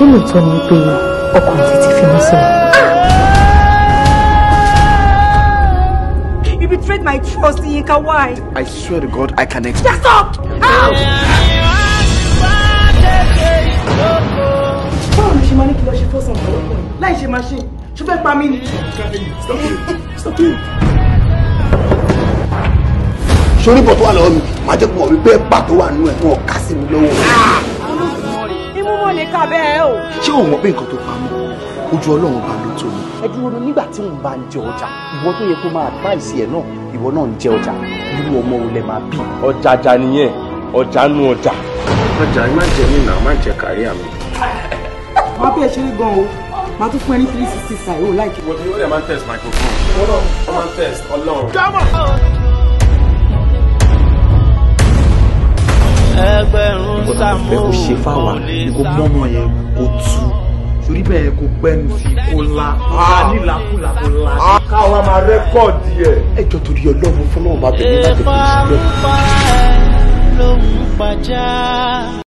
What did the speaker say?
ṣé lóòótọ́ ni pé ọkùnrin ti fi mí sílẹ̀. Ah! You betrayed my trust, Yinka. Why? I swear to God, I can explain. Shut up! Ow! Báwo ni ṣe máa ní kí lọ ṣe fọ́sàn ọ̀pọ̀lọpọ̀ láì ṣe máa ṣe? Ṣé fẹ́ pa mí ni? Stop it! bọ̀ tó wà lọ́wọ́ mi, màá jẹ́ pọ̀ wípé ẹ̀pà wà nínú ẹ̀ fún ọ̀ka sí mi lọ́wọ́. Ah! irọ́ ni ká bẹ́ẹ̀ o. ṣé o mọ̀ pé nǹkan tó pa mọ́ ojú ọlọ́run bá ló tó ni. ẹ dúró nígbà tí òun bá ń jẹ ọjà ìwọ tó yẹ kó máa advice ẹ náà ìwọ náà ń jẹ ọjà irú ọmọ wo lẹ máa bí. ọjà jà nìyẹn ọjà nu ọjà. ọjà má jẹ mí náà má jẹ kárí àmì. má bẹ́ẹ̀ ṣe é gan o má tún fún ẹ ní three sixty five o láìpẹ́. mo ti ó lè máa ń test microphone. ó máa ń test ọlọ́run. nǹkan tá a fẹ́ kó ṣe fáwa ni kó mọ́mọ́ yẹn kó tú torí bẹ́ẹ̀ kó gbẹ́nu sí kó la nílàkúlà kó la. káwa máa rẹ́kọ̀dì ẹ̀. ẹ jọ torí ọlọ́run fọlọ́run bá bẹ̀rẹ̀ láti fi sílẹ̀. ìfọ̀npá ẹ̀ ló ń pàjá.